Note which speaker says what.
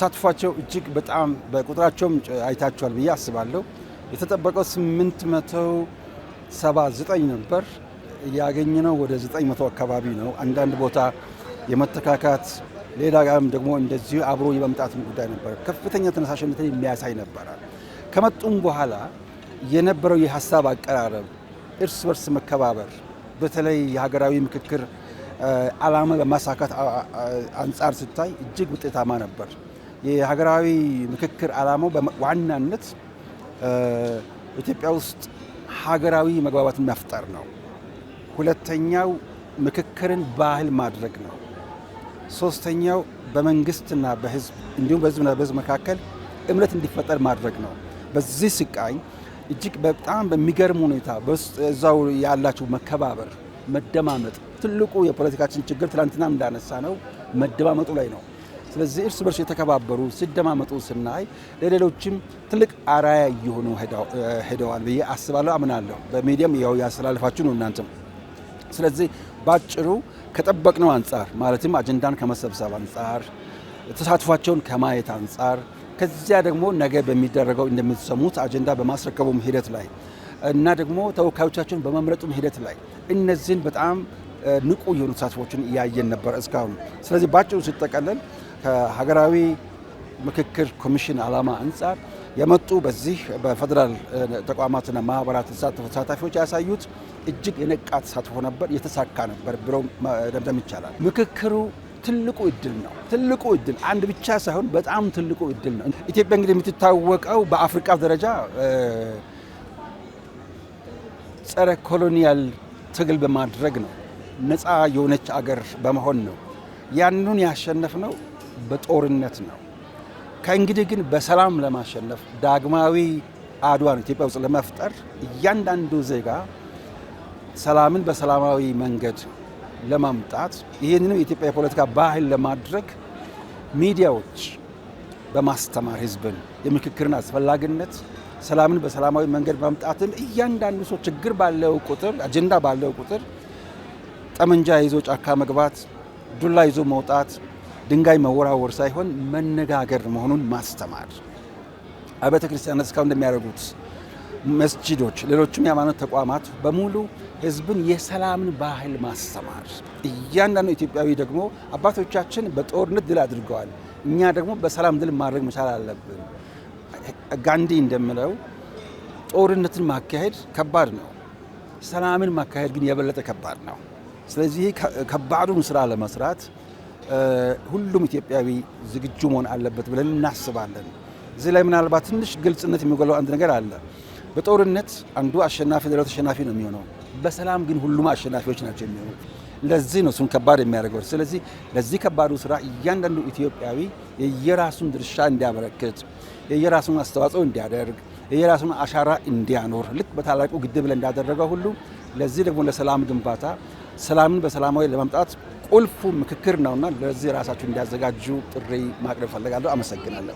Speaker 1: ተሳትፏቸው እጅግ በጣም በቁጥራቸውም አይታችኋል ብዬ አስባለሁ። የተጠበቀው 879 ነበር፣ ያገኘነው ወደ 900 አካባቢ ነው። አንዳንድ ቦታ የመተካካት ሌላ ጋርም ደግሞ እንደዚሁ አብሮ የመምጣትም ጉዳይ ነበር። ከፍተኛ ተነሳሽነትን የሚያሳይ ነበረ። ከመጡም በኋላ የነበረው የሀሳብ አቀራረብ፣ እርስ በርስ መከባበር፣ በተለይ የሀገራዊ ምክክር ዓላማ በማሳካት አንጻር ስታይ እጅግ ውጤታማ ነበር። የሀገራዊ ምክክር ዓላማው በዋናነት ኢትዮጵያ ውስጥ ሀገራዊ መግባባትን መፍጠር ነው። ሁለተኛው ምክክርን ባህል ማድረግ ነው። ሶስተኛው በመንግስትና በህዝብ እንዲሁም በህዝብና በህዝብ መካከል እምነት እንዲፈጠር ማድረግ ነው። በዚህ ስቃይ እጅግ በጣም በሚገርም ሁኔታ እዛው ያላችሁ መከባበር፣ መደማመጥ ትልቁ የፖለቲካችን ችግር ትላንትና እንዳነሳ ነው መደማመጡ ላይ ነው። ስለዚህ እርስ በርስ የተከባበሩ ሲደማመጡ ስናይ ለሌሎችም ትልቅ አራያ እየሆኑ ሄደዋል ብዬ አስባለሁ፣ አምናለሁ። በሚዲያም ያው ያስተላልፋችሁ ነው እናንተም። ስለዚህ ባጭሩ ከጠበቅነው አንጻር ማለትም አጀንዳን ከመሰብሰብ አንጻር፣ ተሳትፏቸውን ከማየት አንጻር ከዚያ ደግሞ ነገ በሚደረገው እንደምትሰሙት አጀንዳ በማስረከቡም ሂደት ላይ እና ደግሞ ተወካዮቻቸውን በመምረጡም ሂደት ላይ እነዚህን በጣም ንቁ የሆኑ ተሳትፎችን እያየን ነበር እስካሁን። ስለዚህ ባጭሩ ሲጠቀለል ከሀገራዊ ምክክር ኮሚሽን ዓላማ አንጻር የመጡ በዚህ በፌዴራል ተቋማትና ማህበራት ተሳታፊዎች ያሳዩት እጅግ የነቃ ተሳትፎ ነበር፣ የተሳካ ነበር ብሎ መደምደም ይቻላል። ምክክሩ ትልቁ እድል ነው። ትልቁ እድል አንድ ብቻ ሳይሆን በጣም ትልቁ እድል ነው። ኢትዮጵያ እንግዲህ የምትታወቀው በአፍሪካ ደረጃ ጸረ ኮሎኒያል ትግል በማድረግ ነው። ነፃ የሆነች አገር በመሆን ነው። ያንኑን ያሸነፍ ነው በጦርነት ነው። ከእንግዲህ ግን በሰላም ለማሸነፍ ዳግማዊ አድዋን ኢትዮጵያ ውስጥ ለመፍጠር እያንዳንዱ ዜጋ ሰላምን በሰላማዊ መንገድ ለማምጣት ይህንንም የኢትዮጵያ የፖለቲካ ባህል ለማድረግ ሚዲያዎች በማስተማር ህዝብን የምክክርን አስፈላጊነት ሰላምን በሰላማዊ መንገድ ማምጣትን እያንዳንዱ ሰው ችግር ባለው ቁጥር አጀንዳ ባለው ቁጥር ጠመንጃ ይዞ ጫካ መግባት፣ ዱላ ይዞ መውጣት ድንጋይ መወራወር ሳይሆን መነጋገር መሆኑን ማስተማር አብያተ ክርስቲያናት እስካሁን እንደሚያደርጉት መስጂዶች፣ ሌሎችም የሃይማኖት ተቋማት በሙሉ ህዝብን የሰላምን ባህል ማስተማር። እያንዳንዱ ኢትዮጵያዊ ደግሞ አባቶቻችን በጦርነት ድል አድርገዋል፣ እኛ ደግሞ በሰላም ድል ማድረግ መቻል አለብን። ጋንዲ እንደምለው ጦርነትን ማካሄድ ከባድ ነው፣ ሰላምን ማካሄድ ግን የበለጠ ከባድ ነው። ስለዚህ ከባዱን ስራ ለመስራት ሁሉም ኢትዮጵያዊ ዝግጁ መሆን አለበት ብለን እናስባለን። እዚህ ላይ ምናልባት ትንሽ ግልጽነት የሚጎለው አንድ ነገር አለ። በጦርነት አንዱ አሸናፊ ሌላው ተሸናፊ ነው የሚሆነው። በሰላም ግን ሁሉም አሸናፊዎች ናቸው የሚሆኑት። ለዚህ ነው እሱን ከባድ የሚያደርገው። ስለዚህ ለዚህ ከባዱ ስራ እያንዳንዱ ኢትዮጵያዊ የየራሱን ድርሻ እንዲያበረክት፣ የየራሱን አስተዋጽኦ እንዲያደርግ፣ የየራሱን አሻራ እንዲያኖር ልክ በታላቁ ግድብ ላይ እንዳደረገው ሁሉ ለዚህ ደግሞ ለሰላም ግንባታ ሰላምን በሰላማዊ ለማምጣት ቁልፉ ምክክር ነውና ለዚህ ራሳችሁ እንዲያዘጋጁ ጥሪ ማቅረብ ፈለጋለሁ አመሰግናለሁ።